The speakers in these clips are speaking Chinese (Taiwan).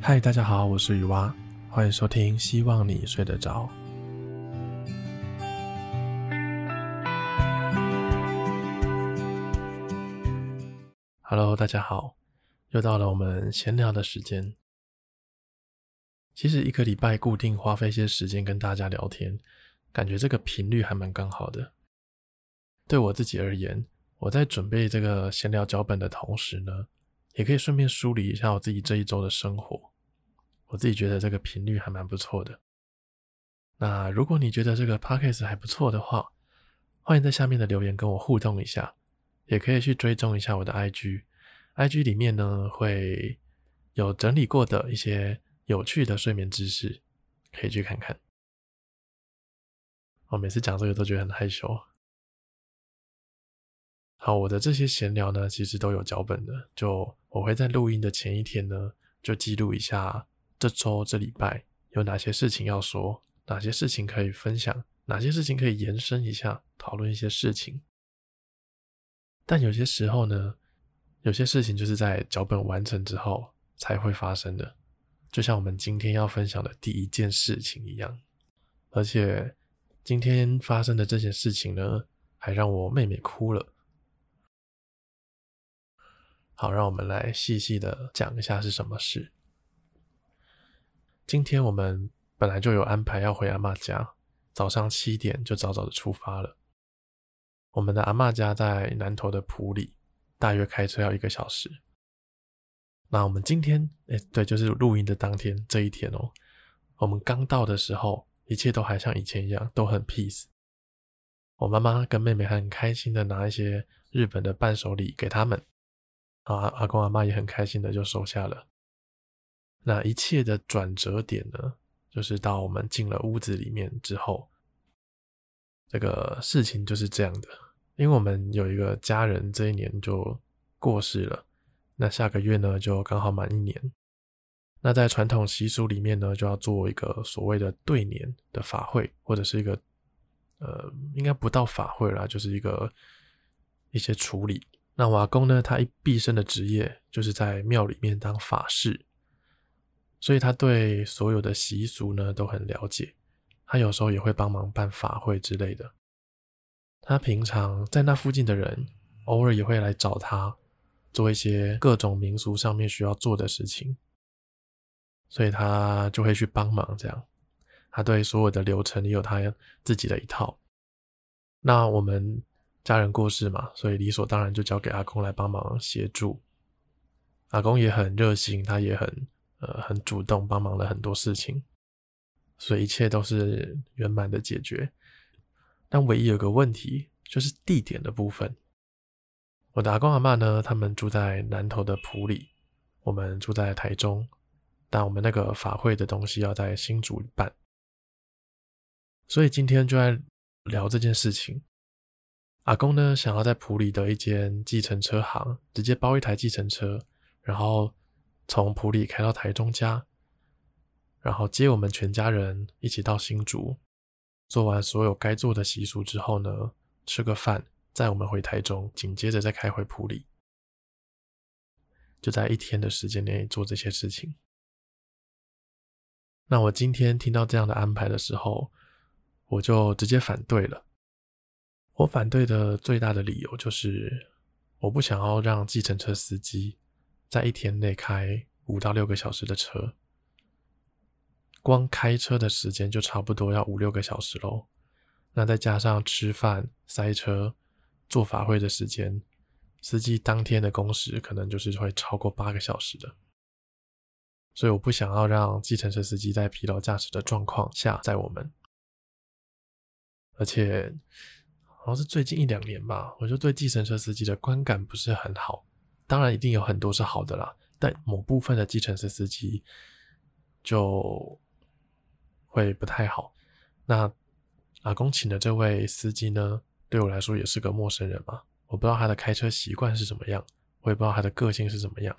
嗨，大家好，我是雨蛙，歡迎收聽。希望你睡得着。Hello，大家好，又到了我們閒聊的時間。其實一個禮拜固定花費一些時間跟大家聊天，感覺這個頻率還蠻剛好的。對我自己而言，我在準備這個閒聊腳本的同時呢，也可以順便梳理一下我自己這一周的生活，我自己覺得這個頻率還蠻不錯的。那如果你覺得這個 podcast 還不錯的話，歡迎在下面的留言跟我互動一下，也可以去追蹤一下我的 IG，IG 裡面呢會有整理過的一些有趣的睡眠知識，可以去看看。我每次講這個都覺得很害羞。好，我的這些閒聊呢，其實都有腳本的。就我會在錄音的前一天呢，就記錄一下這週這禮拜有哪些事情要說，哪些事情可以分享，哪些事情可以延伸一下討論一些事情。但有些時候呢，有些事情就是在腳本完成之後才會發生的，就像我們今天要分享的第一件事情一樣。而且今天發生的這些事情呢，還讓我妹妹哭了。好，讓我們來細細的講一下是什麼事。今天我們本來就有安排要回阿嬤家，早上七點就早早的出發了。我們的阿嬤家在南投的埔里，大約開車要一個小時。那我們今天，誒、欸、對，就是錄音的當天，這一天哦，我們剛到的時候，一切都還像以前一樣，都很 peace。我媽媽跟妹妹還很開心的拿一些日本的伴手禮給他們。啊，阿公阿媽也很開心的就收下了。那一切的轉折點呢，就是到我們進了屋子裡面之後，這個事情就是這樣的。因為我們有一個家人這一年就過世了，那下個月呢就剛好滿一年。那在傳統習俗裡面呢，就要做一個所謂的對年的法會，或者是一個呃，應該不到法會啦，就是一個一些處理。那我阿公呢，他一畢生的職業就是在廟裡面當法師，所以他對所有的習俗呢都很了解。他有時候也會幫忙辦法會之類的。他平常在那附近的人偶爾也會來找他，做一些各種民俗上面需要做的事情，所以他就會去幫忙。這樣，他對所有的流程也有他自己的一套。那我們，家人過世嘛，所以理所當然就交給阿公來幫忙協助。阿公也很熱心，他也很呃很主動幫忙了很多事情，所以一切都是圓滿的解決。但唯一有個問題就是地點的部分。我的阿公阿嬤呢，他們住在南投的埔里，我們住在台中，但我們那個法會的東西要在新竹辦，所以今天就來聊這件事情。阿公呢，想要在埔里的一間計程車行直接包一台計程車，然後從埔里開到台中家，然後接我們全家人一起到新竹，做完所有該做的習俗之後呢，吃個飯，載我們回台中，緊接着再開回埔里，就在一天的時間內做這些事情。那我今天聽到這樣的安排的時候，我就直接反對了。我反對的最大的理由就是，我不想要讓計程車司機在一天內開五到六個小時的車，光開車的時間就差不多要五六個小時嘍。那再加上吃飯、塞車、做法會的時間，司機當天的工時可能就是會超過八個小時的。所以我不想要讓計程車司機在疲勞駕駛的狀況下載我們，而且。主要是最近一兩年吧，我就對計程車司機的觀感不是很好。當然，一定有很多是好的啦，但某部分的計程車司機就會不太好。那阿公請的這位司機呢，對我來說也是個陌生人嘛，我不知道他的開車習慣是怎麼樣，我也不知道他的個性是怎麼樣。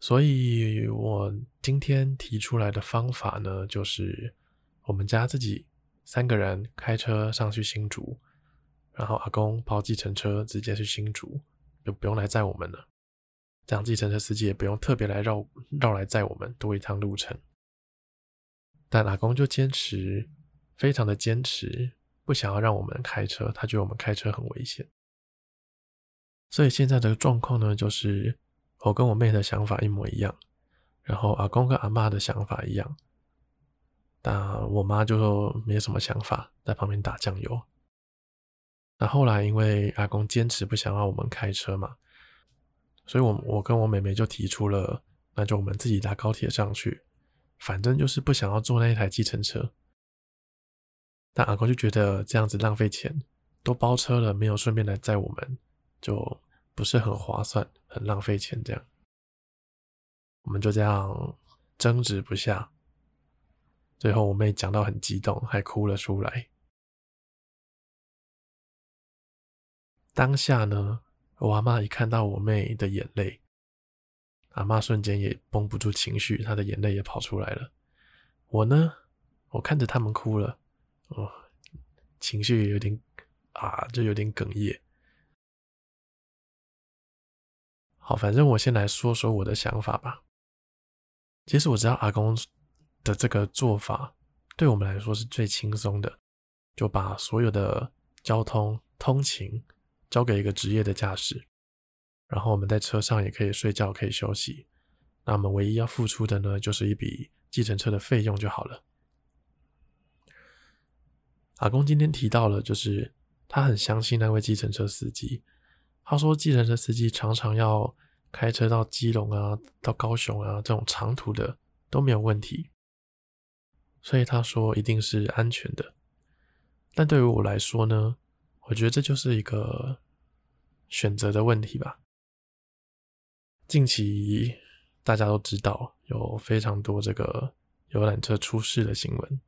所以我今天提出來的方法呢，就是我們家自己。三個人開車上去新竹，然後阿公包計程車直接去新竹，就不用來載我們了。這樣計程車司機也不用特別來繞繞來載我們，多一趟路程。但阿公就堅持，非常的堅持，不想要讓我們開車，他覺得我們開車很危險。所以現在的狀況呢，就是我跟我妹的想法一模一樣，然後阿公跟阿嬤的想法一樣。那我媽就說沒有什麼想法，在旁邊打醬油。那後來因為阿公堅持不想要我們開車嘛，所以我我跟我妹妹就提出了，那就我們自己搭高鐵上去，反正就是不想要坐那一台計程車。但阿公就覺得這樣子浪費錢，都包車了，沒有順便來載我們，就不是很划算，很浪費錢這樣。我們就這樣爭執不下。最後，我妹講到很激動，還哭了出來。當下呢，我阿媽一看到我妹的眼淚，阿媽瞬間也繃不住情緒，她的眼淚也跑出來了。我呢，我看着他們哭了，哦，情緒也有點啊，就有點哽咽。好，反正我先來說說我的想法吧。其實我知道阿公的這個做法對我們來說是最輕鬆的，就把所有的交通通勤交給一個職業的駕駛，然後我們在車上也可以睡覺，可以休息。那我們唯一要付出的呢，就是一筆計程車的費用就好了。阿公今天提到了，就是他很相信那位計程車司機，他說計程車司機常常要開車到基隆啊，到高雄啊，這種長途的都沒有問題。所以他說一定是安全的，但對於我來說呢，我覺得這就是一個選擇的問題吧。近期大家都知道有非常多這個遊覽車出事的新聞，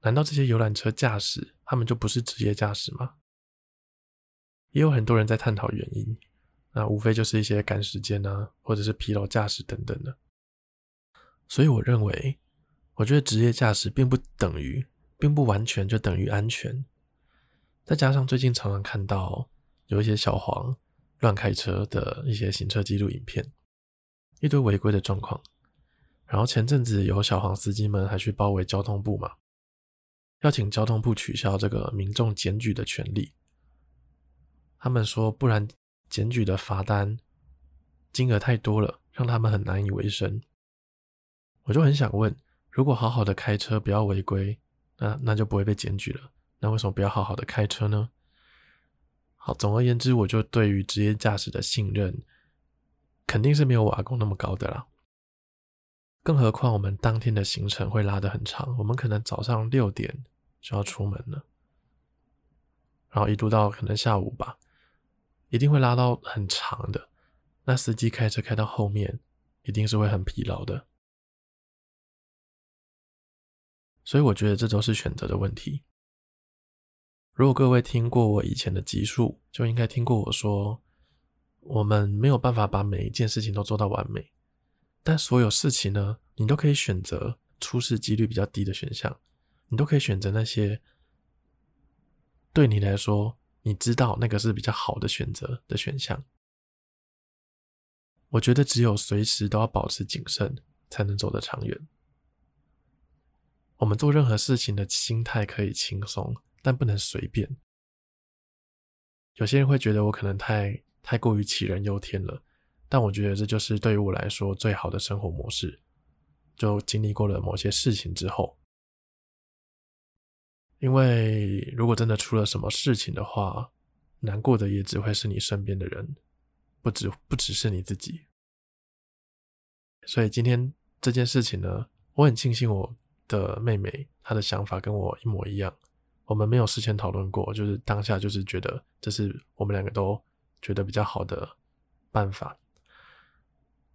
難道這些遊覽車駕駛他們就不是職業駕駛嗎？也有很多人在探討原因，那無非就是一些趕時間啊，或者是疲勞駕駛等等的。所以我認為。我覺得職業駕駛並不等於，並不完全就等於安全。再加上最近常常看到有一些小黃亂開車的一些行車記錄影片，一堆違規的狀況。然後前陣子有小黃司機們還去包圍交通部嘛，要請交通部取消這個民眾檢舉的權利。他們說不然檢舉的罰單金額太多了，讓他們很難以維生。我就很想問。如果好好的開車，不要違規，那那就不會被檢舉了。那為什麼不要好好的開車呢？好，總而言之，我就對於職業駕駛的信任，肯定是沒有我阿公那麼高的啦。更何況我們當天的行程會拉得很長，我們可能早上六點就要出門了，然後一路到可能下午吧，一定會拉到很長的。那司機開車開到後面，一定是會很疲勞的。所以我覺得這都是選擇的問題。如果各位聽過我以前的集數，就應該聽過我說，我們沒有辦法把每一件事情都做到完美，但所有事情呢，你都可以選擇出事幾率比較低的選項，你都可以選擇那些，對你來說，你知道那個是比較好的選擇的選項。我覺得只有隨時都要保持謹慎，才能走得長遠。我們做任何事情的心態可以輕鬆，但不能隨便。有些人會覺得，我可能太太過於杞人憂天了，但我覺得這就是對於我來說最好的生活模式。就經歷過了某些事情之後，因為如果真的出了什麼事情的話，難過的也只會是你身邊的人，不只不只是你自己。所以今天這件事情呢，我很慶幸我的妹妹，她的想法跟我一模一樣。我們沒有事先討論過，就是當下就是覺得這是我們兩個都覺得比較好的辦法。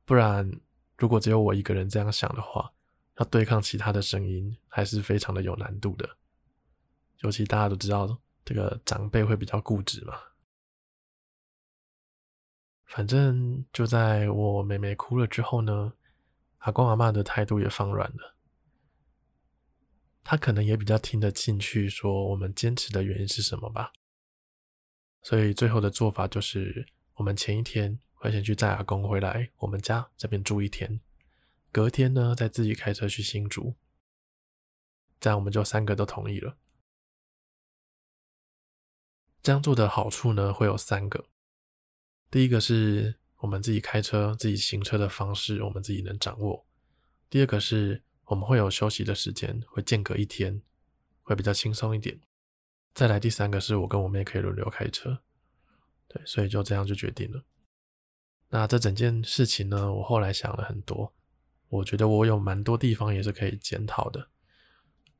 不然，如果只有我一個人這樣想的話，要對抗其他的聲音還是非常的有難度的。尤其大家都知道這個長輩會比較固執嘛。反正就在我妹妹哭了之後呢，阿公阿嬤的態度也放軟了。他可能也比較聽得進去，說我們堅持的原因是什麼吧。所以最後的做法就是，我們前一天會先去載阿公回來，我們家這邊住一天，隔天呢再自己開車去新竹。這樣我們就三個都同意了。這樣做的好處呢會有三個，第一個是我們自己開車自己行車的方式，我們自己能掌握；第二個是。我們會有休息的時間，會間隔一天，會比較輕鬆一點。再來第三個是我跟我妹可以輪流開車，對，所以就這樣就決定了。那這整件事情呢，我後來想了很多，我覺得我有蠻多地方也是可以檢討的，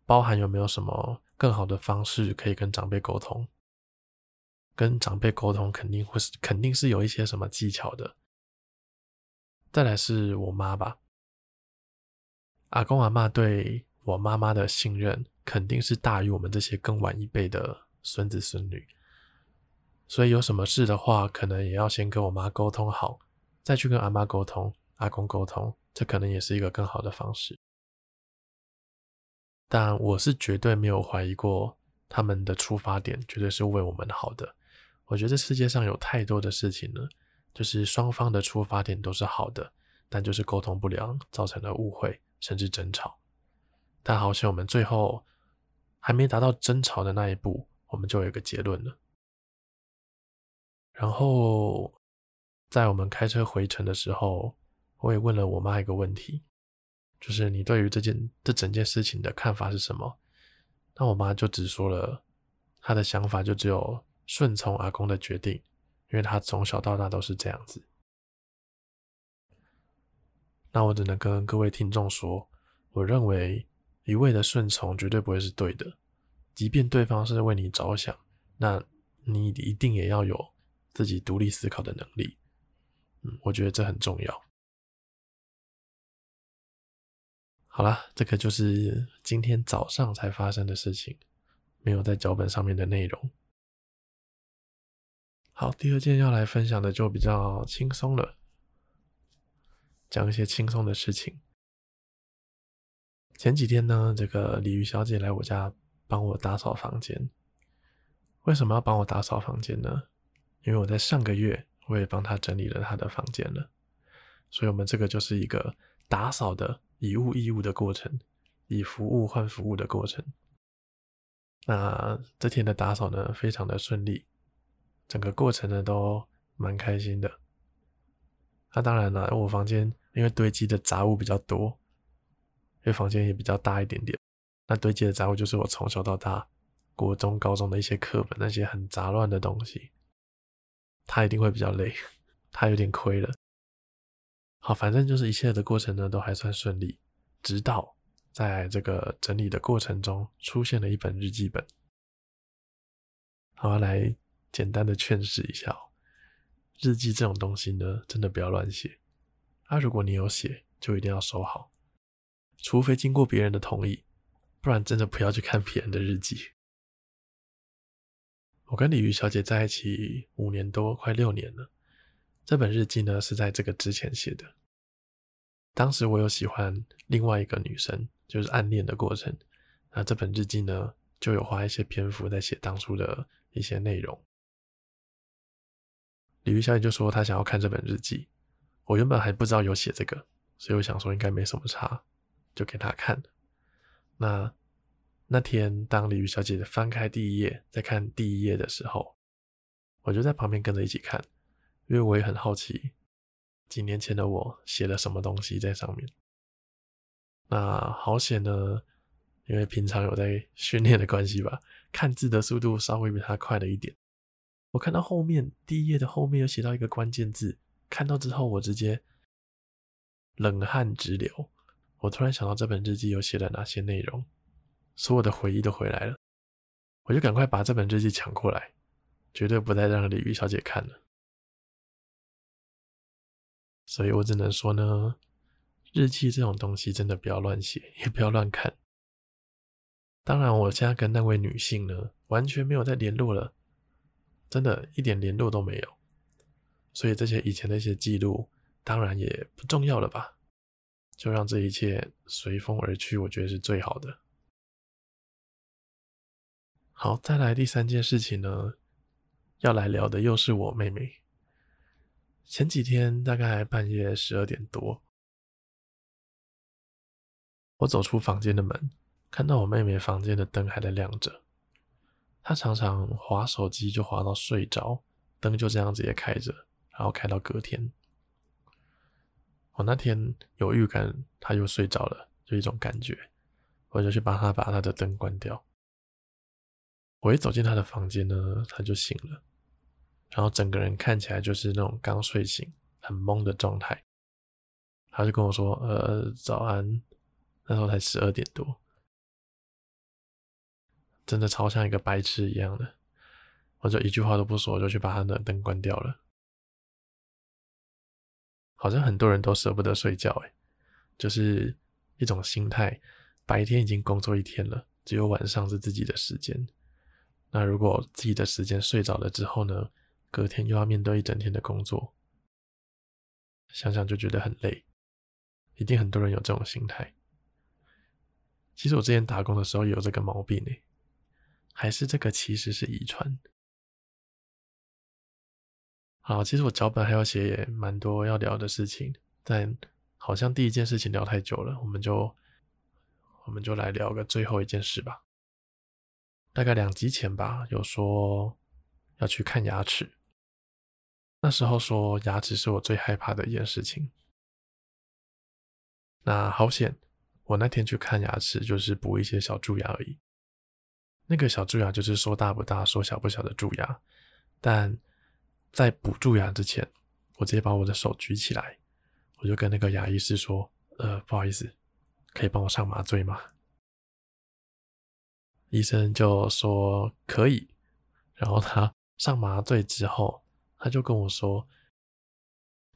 包含有沒有什麼更好的方式可以跟長輩溝通。跟長輩溝通肯定會是，肯定是有一些什麼技巧的。再來是我媽吧。阿公阿嬤對我媽媽的信任肯定是大於我們這些更晚一輩的孫子孫女，所以有什麼事的話，可能也要先跟我媽溝通好，再去跟阿嬤溝通、阿公溝通，這可能也是一個更好的方式。但我是絕對沒有懷疑過他們的出發點，絕對是為我們好的。我覺得世界上有太多的事情了，就是雙方的出發點都是好的，但就是溝通不良，造成了誤會。甚至爭吵，但好像我們最後還沒達到爭吵的那一步，我們就有一個結論了。然後在我們開車回程的時候，我也問了我媽一個問題，就是你對於這件這整件事情的看法是什麼？那我媽就只說了，她的想法就只有順從阿公的決定，因為她從小到大都是這樣子。那我只能跟各位聽眾說，我認為一味的順從絕對不會是對的，即便對方是為你着想，那你一定也要有自己獨立思考的能力。嗯，我覺得這很重要。好啦，這個就是今天早上才發生的事情，沒有在腳本上面的內容。好，第二件要來分享的就比較輕鬆了。講一些輕鬆的事情。前幾天呢，這個鯉魚小姐來我家幫我打掃房間。為什麼要幫我打掃房間呢？因為我在上個月我也幫她整理了她的房間了。所以，我們這個就是一個打掃的以物易物的過程，以服務換服務的過程。那這天的打掃呢，非常的順利，整個過程呢都蠻開心的。那、啊、當然了，我房間。因為堆積的雜物比較多，因為房間也比較大一點點，那堆積的雜物就是我從小到大，國中、高中的一些課本，那些很雜亂的東西，他一定會比較累，他有點虧了。好，反正就是一切的過程呢都還算順利，直到在這個整理的過程中出現了一本日記本。好，來簡單的勸世一下哦，日記這種東西呢，真的不要亂寫。啊，如果你有寫，就一定要收好，除非經過別人的同意，不然真的不要去看別人的日記。我跟鯉魚小姐在一起五年多，快六年了。這本日記呢是在這個之前寫的，當時我有喜歡另外一個女生，就是暗戀的過程。那這本日記呢就有花一些篇幅在寫當初的一些內容。鯉魚小姐就說她想要看這本日記。我原本還不知道有寫這個，所以我想說應該沒什麼差，就給他看。那那天當鯉魚小姐翻開第一頁，在看第一頁的時候，我就在旁邊跟着一起看，因為我也很好奇幾年前的我寫了什麼東西在上面。那好險呢，因為平常有在訓練的關係吧，看字的速度稍微比他快了一點。我看到後面第一頁的後面有寫到一個關鍵字。看到之後，我直接冷汗直流。我突然想到這本日記有寫了哪些內容，所有的回憶都回來了。我就趕快把這本日記搶過來，絕對不再讓李玉小姐看了。所以我只能說呢，日記這種東西真的不要亂寫，也不要亂看。當然，我現在跟那位女性呢，完全沒有再聯絡了，真的一點聯絡都沒有。所以這些以前的一些記錄，當然也不重要了吧？就讓這一切隨風而去，我覺得是最好的。好，再來第三件事情呢，要來聊的又是我妹妹。前幾天大概半夜十二點多，我走出房間的門，看到我妹妹房間的燈還在亮着。她常常滑手機就滑到睡着，燈就這樣子也開着。然後開到隔天，我那天有預感，他又睡着了，就一種感覺，我就去幫他把他的燈關掉。我一走進他的房間呢，他就醒了，然後整個人看起來就是那種剛睡醒很懵的狀態。他就跟我說：“呃，早安。”那時候才十二點多，真的超像一個白痴一樣的。我就一句話都不說，我就去把他的燈關掉了。好像很多人都捨不得睡覺欸，就是一種心態。白天已經工作一天了，只有晚上是自己的時間。那如果自己的時間睡着了之後呢，隔天又要面對一整天的工作，想想就覺得很累。一定很多人有這種心態。其實我之前打工的時候也有這個毛病欸，還是這個其實是遺傳。好，其實我腳本還要寫也蠻多要聊的事情，但好像第一件事情聊太久了，我們就我們就來聊個最後一件事吧。大概兩集前吧，有說要去看牙齒，那時候說牙齒是我最害怕的一件事情。那好險，我那天去看牙齒就是補一些小蛀牙而已，那個小蛀牙就是說大不大，說小不小的蛀牙，但。在補蛀牙之前，我直接把我的手舉起來，我就跟那個牙醫師說，呃，不好意思，可以幫我上麻醉嗎？醫生就說可以。然後他上麻醉之後，他就跟我說，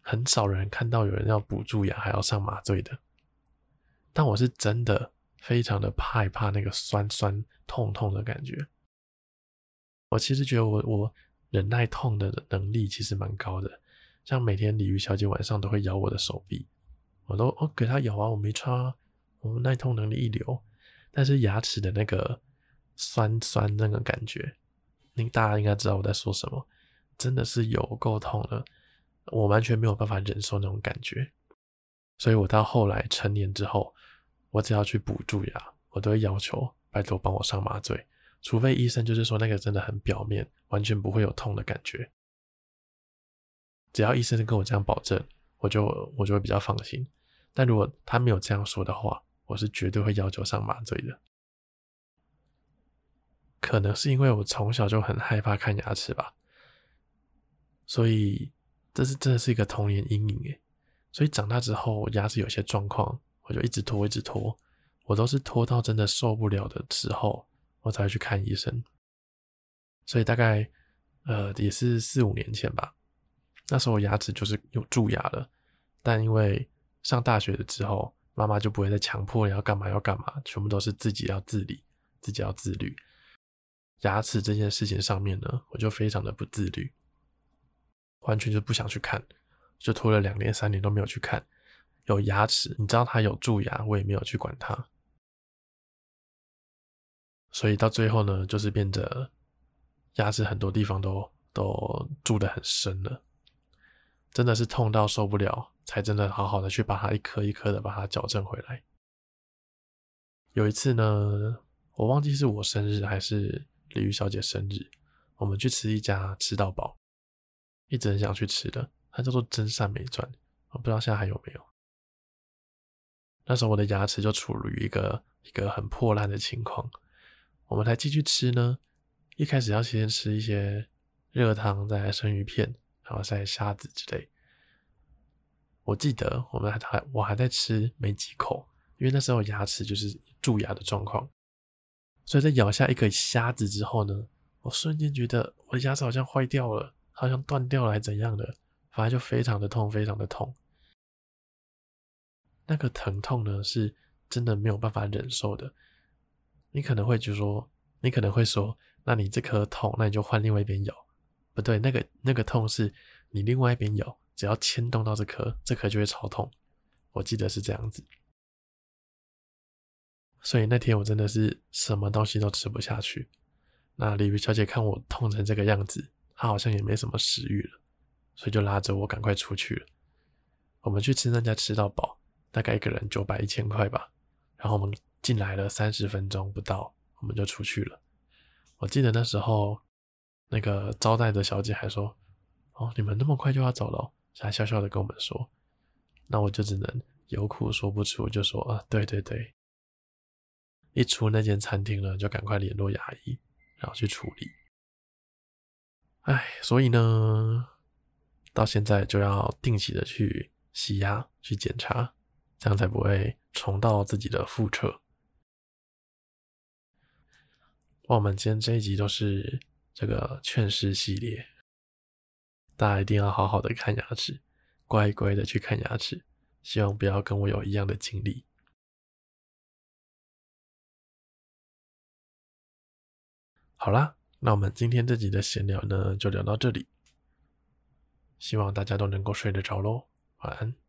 很少人看到有人要補蛀牙還要上麻醉的，但我是真的非常的害怕，怕那個酸酸痛痛的感覺。我其實覺得我我。忍耐痛的能力其實蠻高的，像每天鯉魚小姐晚上都會咬我的手臂，我都哦，給她咬啊，我沒穿、啊，我耐痛能力一流，但是牙齒的那個酸酸那個感覺，那大家應該知道我在說什麼，真的是有夠痛了，我完全沒有辦法忍受那種感覺，所以我到後來成年之後，我只要去補蛀牙，我都會要求拜託幫我上麻醉。除非醫生就是說那個真的很表面，完全不會有痛的感覺，只要醫生跟我這樣保證，我就我就會比較放心。但如果他沒有這樣說的話，我是絕對會要求上麻醉的。可能是因為我從小就很害怕看牙齒吧，所以這是真的是一個童年陰影欸。所以長大之後，我牙齒有些狀況，我就一直拖，一直拖，我都是拖到真的受不了的時候。我才會去看醫生，所以大概呃也是四五年前吧。那時候我牙齒就是有蛀牙了，但因為上大學了之後，媽媽就不會再強迫你要幹嘛要幹嘛，全部都是自己要自理，自己要自律。牙齒這件事情上面呢，我就非常的不自律，完全就不想去看，就拖了兩年三年都沒有去看。有牙齒，你知道它有蛀牙，我也沒有去管它。所以到最後呢，就是變得牙齒很多地方都都蛀得很深了，真的是痛到受不了，才真的好好的去把它一顆一顆的把它矯正回來。有一次呢，我忘記是我生日還是鯉魚小姐生日，我們去吃一家吃到飽，一直很想去吃的，它叫做真善美鑽，我不知道現在還有沒有。那時候我的牙齒就處於一個一個很破爛的情況。我們來繼續吃呢。一開始要先吃一些熱湯，再來生魚片，然後再來蝦子之類。我記得我們還我還在吃沒幾口，因為那時候牙齒就是蛀牙的狀況。所以在咬下一顆蝦子之後呢，我瞬間覺得我的牙齒好像壞掉了，好像斷掉了還怎樣的，反正就非常的痛，非常的痛。那個疼痛呢，是真的沒有辦法忍受的。你可能會就說，你可能會說，那你這顆痛，那你就換另外一邊咬，不對，那個那個痛是你另外一邊咬，只要牽動到這顆，這顆就會超痛。我記得是這樣子。所以那天我真的是什麼東西都吃不下去。那鯉魚小姐看我痛成這個樣子，她好像也沒什麼食慾了，所以就拉着我趕快出去了。我們去吃那家吃到飽，大概一個人九百一千塊吧。然後我們。進來了三十分鐘不到，我們就出去了。我記得那時候，那個招待的小姐還說：“哦，你們那麼快就要走了？”才笑笑的跟我們說：“那我就只能有苦說不出。”就說：“啊，對對對，一出那間餐廳呢，就趕快聯絡牙醫，然後去處理。”哎，所以呢，到現在就要定期的去洗牙、去檢查，這樣才不會重蹈自己的覆轍。我們今天這一集都是這個勸世系列，大家一定要好好的看牙齒，乖乖的去看牙齒，希望不要跟我有一樣的經歷。好啦，那我們今天這集的閒聊呢，就聊到這裡，希望大家都能夠睡得着嘍，晚安。